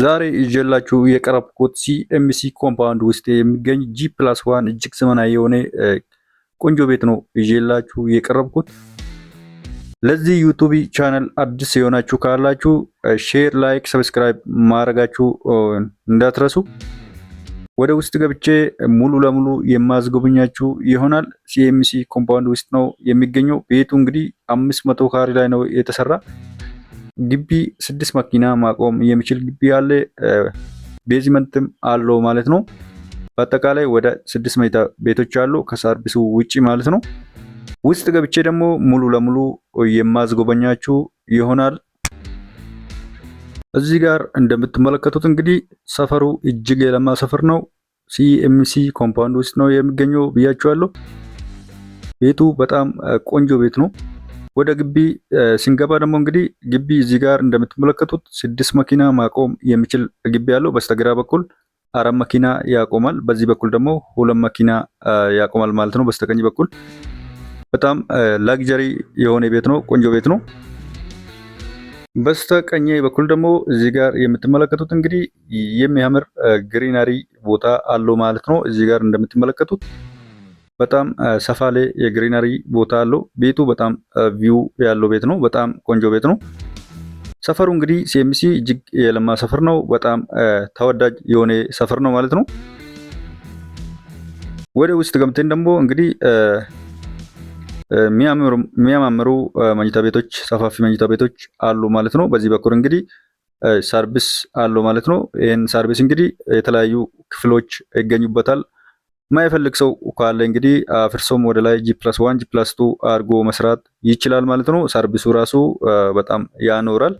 ዛሬ እጀላችሁ የቀረብኩት ሲኤምሲ ኮምፓውንድ ውስጥ የሚገኝ ጂ ፕላስ ዋን እጅግ ዘመናዊ የሆነ ቆንጆ ቤት ነው እጀላችሁ የቀረብኩት። ለዚህ ዩቱብ ቻናል አዲስ የሆናችሁ ካላችሁ ሼር፣ ላይክ፣ ሰብስክራይብ ማድረጋችሁ እንዳትረሱ። ወደ ውስጥ ገብቼ ሙሉ ለሙሉ የማስጎበኛችሁ ይሆናል። ሲኤምሲ ኮምፓውንድ ውስጥ ነው የሚገኘው ቤቱ እንግዲህ አምስት መቶ ካሬ ላይ ነው የተሰራ ግቢ ስድስት መኪና ማቆም የሚችል ግቢ ያለ ቤዝመንትም አለው ማለት ነው። በአጠቃላይ ወደ ስድስት መኝታ ቤቶች አሉ ከሰርቪሱ ውጪ ማለት ነው። ውስጥ ገብቼ ደግሞ ሙሉ ለሙሉ የማስጎበኛችሁ ይሆናል። እዚህ ጋር እንደምትመለከቱት እንግዲህ ሰፈሩ እጅግ የለማ ሰፈር ነው። ሲኤምሲ ኮምፓውንድ ውስጥ ነው የሚገኘው ብያችኋለሁ። ቤቱ በጣም ቆንጆ ቤት ነው። ወደ ግቢ ሲንገባ ደግሞ እንግዲህ ግቢ እዚህ ጋር እንደምትመለከቱት ስድስት መኪና ማቆም የሚችል ግቢ ያለው በስተግራ በኩል አራት መኪና ያቆማል። በዚህ በኩል ደግሞ ሁለት መኪና ያቆማል ማለት ነው። በስተቀኝ በኩል በጣም ላግጀሪ የሆነ ቤት ነው። ቆንጆ ቤት ነው። በስተቀኝ በኩል ደግሞ እዚህ ጋር የምትመለከቱት እንግዲህ የሚያምር ግሪናሪ ቦታ አለው ማለት ነው። እዚህ ጋር እንደምትመለከቱት በጣም ሰፋ የግሪነሪ ቦታ አለው። ቤቱ በጣም ቪው ያለው ቤት ነው። በጣም ቆንጆ ቤት ነው። ሰፈሩ እንግዲህ ሲኤምሲ እጅግ የለማ ሰፈር ነው። በጣም ተወዳጅ የሆነ ሰፈር ነው ማለት ነው። ወደ ውስጥ ገብተን ደግሞ እንግዲህ የሚያማምሩ መኝታ ቤቶች፣ ሰፋፊ መኝታ ቤቶች አሉ ማለት ነው። በዚህ በኩል እንግዲህ ሰርቪስ አለው ማለት ነው። ይህን ሰርቪስ እንግዲህ የተለያዩ ክፍሎች ይገኙበታል። ማይፈልግ ሰው ካለ እንግዲህ አፍርሶም ወደ ላይ ጂ ጂፕላስ ዋን ፕላስ ቱ አድርጎ መስራት ይችላል ማለት ነው። ሰርቪሱ ራሱ በጣም ያኖራል።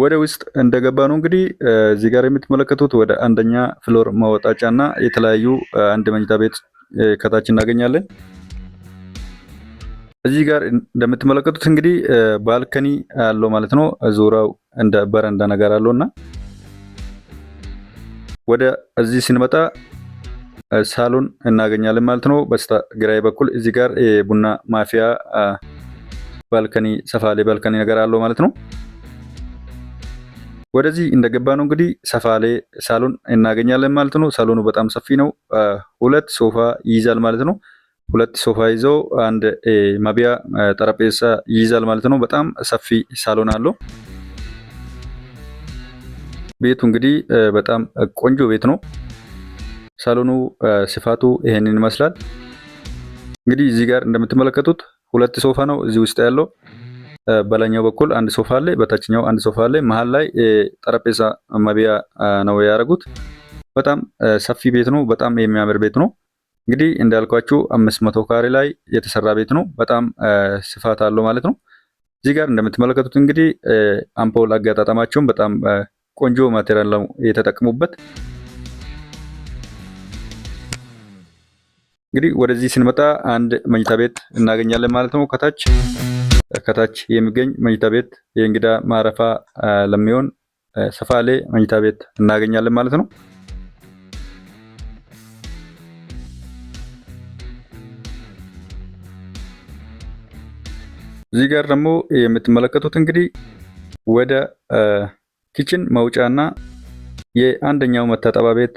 ወደ ውስጥ እንደገባ ነው እንግዲህ እዚህ ጋር የምትመለከቱት ወደ አንደኛ ፍሎር ማወጣጫ እና የተለያዩ አንድ መኝታ ቤት ከታች እናገኛለን። እዚህ ጋር እንደምትመለከቱት እንግዲህ ባልከኒ አለው ማለት ነው። ዙሪያው እንደ በረንዳ ነገር አለው እና ወደ እዚህ ስንመጣ ሳሎን እናገኛለን ማለት ነው። በስተ ግራይ በኩል እዚህ ጋር የቡና ማፍያ ባልከኒ ሰፋ ባልከኒ ነገር አለው ማለት ነው። ወደዚህ እንደገባ ነው እንግዲህ ሰፋ ላይ ሳሎን እናገኛለን ማለት ነው። ሳሎኑ በጣም ሰፊ ነው። ሁለት ሶፋ ይይዛል ማለት ነው። ሁለት ሶፋ ይዞ አንድ ማቢያ ጠረጴዛ ይይዛል ማለት ነው። በጣም ሰፊ ሳሎን አለው። ቤቱ እንግዲህ በጣም ቆንጆ ቤት ነው። ሳሎኑ ስፋቱ ይሄንን ይመስላል። እንግዲህ እዚህ ጋር እንደምትመለከቱት ሁለት ሶፋ ነው እዚህ ውስጥ ያለው። በላይኛው በኩል አንድ ሶፋ አለ፣ በታችኛው አንድ ሶፋ አለ። መሀል ላይ ጠረጴዛ መቢያ ነው ያደረጉት። በጣም ሰፊ ቤት ነው። በጣም የሚያምር ቤት ነው። እንግዲህ እንዳልኳችሁ አምስት መቶ ካሬ ላይ የተሰራ ቤት ነው። በጣም ስፋት አለው ማለት ነው። እዚህ ጋር እንደምትመለከቱት እንግዲህ አምፖል አገጣጠማቸውን በጣም ቆንጆ ማቴሪያል ነው የተጠቀሙበት። እንግዲህ ወደዚህ ስንመጣ አንድ መኝታ ቤት እናገኛለን ማለት ነው ከታች ከታች የሚገኝ መኝታ ቤት የእንግዳ ማረፋ ለሚሆን ሰፋሌ መኝታ ቤት እናገኛለን ማለት ነው። እዚህ ጋር ደግሞ የምትመለከቱት እንግዲህ ወደ ኪችን እና የአንደኛው መታጠባ ቤት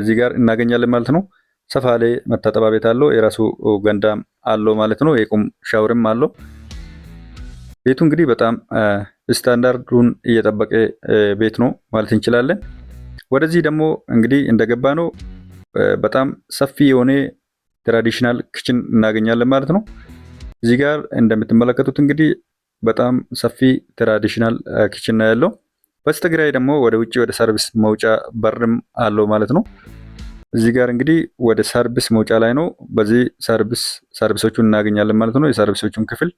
እዚህ ጋር እናገኛለን ማለት ነው። ሰፋ መታጠባ ቤት አለው። የራሱ ገንዳም አለው ማለት ነው። የቁም ሻውርም አለው። ቤቱ እንግዲህ በጣም ስታንዳርዱን እየጠበቀ ቤት ነው ማለት እንችላለን። ወደዚህ ደግሞ እንግዲህ እንደገባ ነው በጣም ሰፊ የሆነ ትራዲሽናል ክችን እናገኛለን ማለት ነው። እዚህ ጋር እንደምትመለከቱት እንግዲህ በጣም ሰፊ ትራዲሽናል ክችን ነው ያለው። በስተግራይ ደግሞ ወደ ውጭ ወደ ሰርቪስ መውጫ በርም አለው ማለት ነው። እዚህ ጋር እንግዲህ ወደ ሰርቪስ መውጫ ላይ ነው። በዚህ ሰርቪስ ሰርቪሶቹን እናገኛለን ማለት ነው። የሰርቪሶቹን ክፍል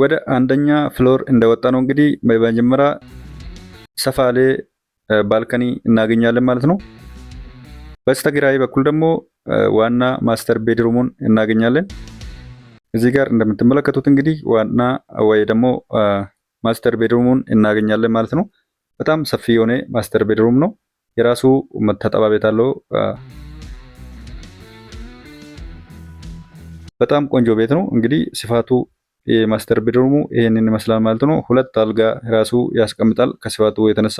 ወደ አንደኛ ፍሎር እንደወጣ ነው እንግዲህ በመጀመሪያ ሰፋሌ ባልከኒ እናገኛለን ማለት ነው። በስተግራይ በኩል ደግሞ ዋና ማስተር ቤድሩሙን እናገኛለን። እዚህ ጋር እንደምትመለከቱት እንግዲህ ዋና ወይ ደግሞ ማስተር ቤድሩሙን እናገኛለን ማለት ነው። በጣም ሰፊ የሆነ ማስተር ቤድሩም ነው። የራሱ መታጠቢያ ቤት አለው። በጣም ቆንጆ ቤት ነው እንግዲህ ስፋቱ የማስተር ቤድሩሙ ይህንን ይመስላል ማለት ነው። ሁለት አልጋ ራሱ ያስቀምጣል ከስፋቱ የተነሳ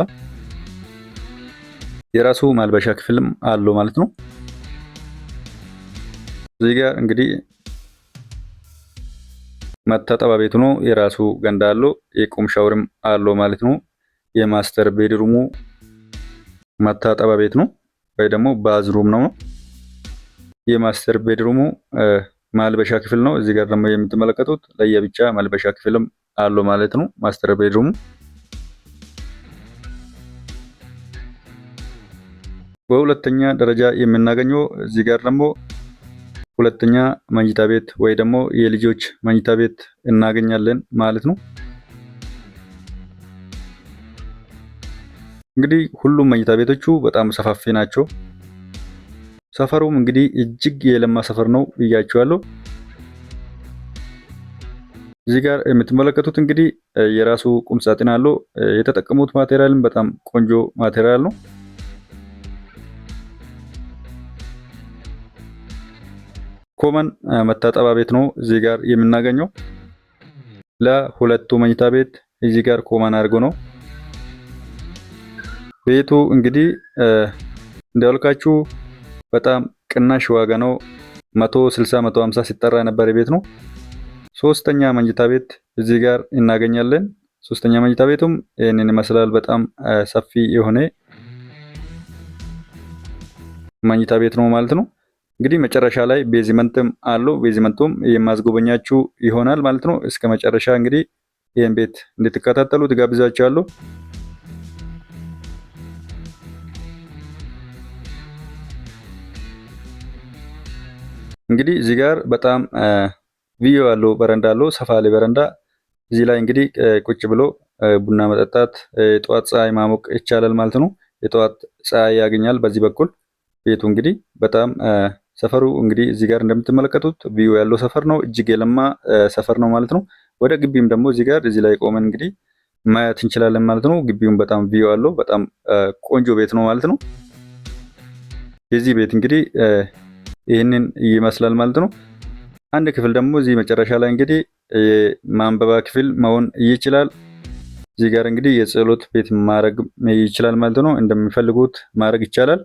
የራሱ ማልበሻ ክፍልም አለው ማለት ነው። እዚህ ጋር እንግዲህ መታጠባ ቤቱ ነው። የራሱ ገንዳ አለው፣ የቁም ሻወርም አለው ማለት ነው። የማስተር ቤድሩሙ መታጠባ ቤት ነው ወይ ደግሞ ባዝሩም ነው። የማስተር ቤድሩሙ ማልበሻ ክፍል ነው። እዚህ ጋር ደግሞ የምትመለከቱት ለየብቻ ማልበሻ ክፍልም አለው ማለት ነው። ማስተር ቤድሩሙ በሁለተኛ ደረጃ የምናገኘው እዚህ ጋር ደግሞ ሁለተኛ መኝታ ቤት ወይ ደግሞ የልጆች መኝታ ቤት እናገኛለን ማለት ነው። እንግዲህ ሁሉም መኝታ ቤቶቹ በጣም ሰፋፊ ናቸው። ሰፈሩም እንግዲህ እጅግ የለማ ሰፈር ነው ብያችኋለሁ። እዚህ ጋር የምትመለከቱት እንግዲህ የራሱ ቁም ሳጥን አለው። የተጠቀሙት ማቴሪያልም በጣም ቆንጆ ማቴሪያል ነው። ኮመን መታጠቢያ ቤት ነው እዚህ ጋር የምናገኘው። ለሁለቱ መኝታ ቤት እዚህ ጋር ኮመን አድርጎ ነው ቤቱ እንግዲህ እንዳልኳችሁ በጣም ቅናሽ ዋጋ ነው። 160 150 ሲጠራ የነበረ ቤት ነው። ሶስተኛ መኝታ ቤት እዚህ ጋር እናገኛለን። ሶስተኛ መኝታ ቤቱም ይህንን ይመስላል። በጣም ሰፊ የሆነ መኝታ ቤት ነው ማለት ነው። እንግዲህ መጨረሻ ላይ ቤዝመንትም አለው። ቤዚመንቱም የማስጎበኛችሁ ይሆናል ማለት ነው። እስከ መጨረሻ እንግዲህ ይህን ቤት እንድትከታተሉ ትጋብዛችኋለሁ። እንግዲህ እዚህ ጋር በጣም ቪዮ ያለው በረንዳ አለው። ሰፋ ላይ በረንዳ እዚህ ላይ እንግዲህ ቁጭ ብሎ ቡና መጠጣት፣ የጠዋት ፀሐይ ማሞቅ ይቻላል ማለት ነው። የጠዋት ፀሐይ ያገኛል በዚህ በኩል ቤቱ እንግዲህ በጣም ሰፈሩ እንግዲህ እዚህ ጋር እንደምትመለከቱት ቪዩ ያለው ሰፈር ነው። እጅግ የለማ ሰፈር ነው ማለት ነው። ወደ ግቢም ደግሞ እዚህ ጋር እዚህ ላይ ቆመን እንግዲህ ማየት እንችላለን ማለት ነው። ግቢውም በጣም ቪዩ ያለው በጣም ቆንጆ ቤት ነው ማለት ነው። የዚህ ቤት እንግዲህ ይህንን ይመስላል ማለት ነው። አንድ ክፍል ደግሞ እዚህ መጨረሻ ላይ እንግዲህ የማንበባ ክፍል መሆን ይችላል። እዚህ ጋር እንግዲህ የጸሎት ቤት ማድረግ ይችላል ማለት ነው። እንደሚፈልጉት ማድረግ ይቻላል።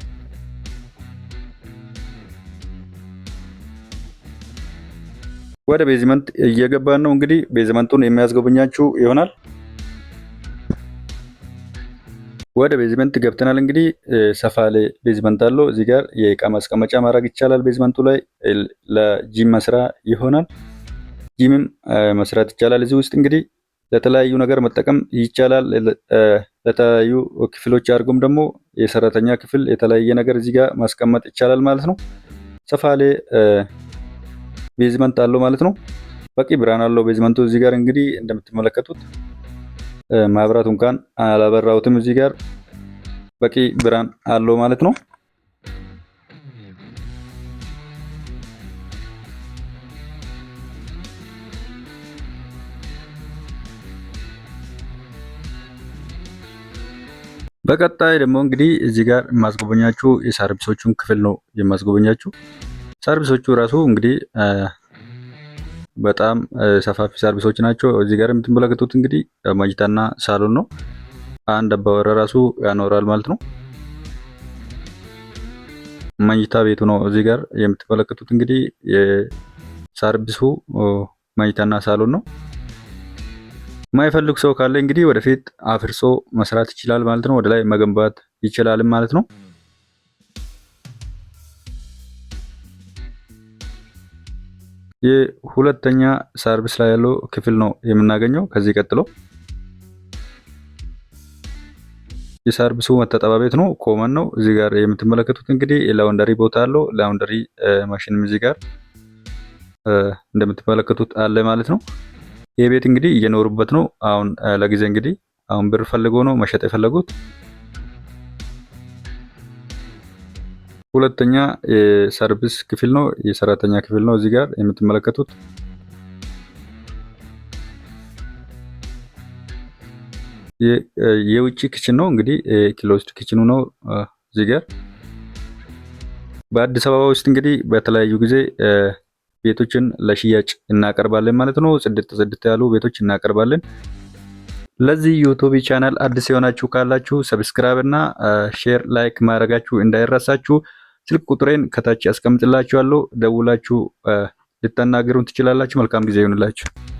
ወደ ቤዝመንት እየገባን ነው። እንግዲህ ቤዝመንቱን የሚያስጎበኛችሁ ይሆናል። ወደ ቤዝመንት ገብተናል። እንግዲህ ሰፋ ያለ ቤዝመንት አለው። እዚህ ጋር የእቃ ማስቀመጫ ማድረግ ይቻላል። ቤዝመንቱ ላይ ለጂም መስራ ይሆናል። ጂምም መስራት ይቻላል። እዚህ ውስጥ እንግዲህ ለተለያዩ ነገር መጠቀም ይቻላል። ለተለያዩ ክፍሎች አድርጎም ደግሞ የሰራተኛ ክፍል የተለያየ ነገር እዚህ ጋር ማስቀመጥ ይቻላል ማለት ነው። ሰፋ ያለ ቤዝመንት አለው ማለት ነው። በቂ ብርሃን አለው ቤዝመንቱ። እዚህ ጋር እንግዲህ እንደምትመለከቱት መብራት እንኳን አላበራሁትም። እዚህ ጋር በቂ ብርሃን አለው ማለት ነው። በቀጣይ ደግሞ እንግዲህ እዚህ ጋር የማስጎበኛችሁ የሰርቪሶቹን ክፍል ነው የማስጎበኛችሁ። ሰርቪሶቹ ራሱ እንግዲህ በጣም ሰፋፊ ሰርቪሶች ናቸው። እዚህ ጋር የምትመለከቱት እንግዲህ መኝታና ሳሎን ነው። አንድ አባወራ ራሱ ያኖራል ማለት ነው። መኝታ ቤቱ ነው። እዚህ ጋር የምትመለከቱት እንግዲህ የሰርቪሱ መኝታና ሳሎን ነው። የማይፈልግ ሰው ካለ እንግዲህ ወደፊት አፍርሶ መስራት ይችላል ማለት ነው። ወደ ላይ መገንባት ይችላል ማለት ነው። የሁለተኛ ሰርቪስ ላይ ያለው ክፍል ነው የምናገኘው። ከዚህ ቀጥሎ የሰርቪሱ መታጠቢያ ቤት ነው። ኮመን ነው። እዚህ ጋር የምትመለከቱት እንግዲህ ላውንደሪ ቦታ አለው። ላውንደሪ ማሽንም እዚህ ጋር እንደምትመለከቱት አለ ማለት ነው። ይህ ቤት እንግዲህ እየኖሩበት ነው። አሁን ለጊዜ እንግዲህ አሁን ብር ፈልጎ ነው መሸጥ የፈለጉት። ሁለተኛ የሰርቪስ ክፍል ነው። የሰራተኛ ክፍል ነው። እዚህ ጋር የምትመለከቱት የውጭ ክችን ነው። እንግዲህ ክሎዝድ ክችኑ ነው። እዚህ ጋር በአዲስ አበባ ውስጥ እንግዲህ በተለያዩ ጊዜ ቤቶችን ለሽያጭ እናቀርባለን ማለት ነው። ጽድት ጽድት ያሉ ቤቶች እናቀርባለን። ለዚህ ዩቱብ ቻናል አዲስ የሆናችሁ ካላችሁ ሰብስክራይብ እና ሼር ላይክ ማድረጋችሁ እንዳይረሳችሁ። ስልክ ቁጥሬን ከታች ያስቀምጥላችኋለሁ። ደውላችሁ ልታናገሩን ትችላላችሁ። መልካም ጊዜ ይሁንላችሁ።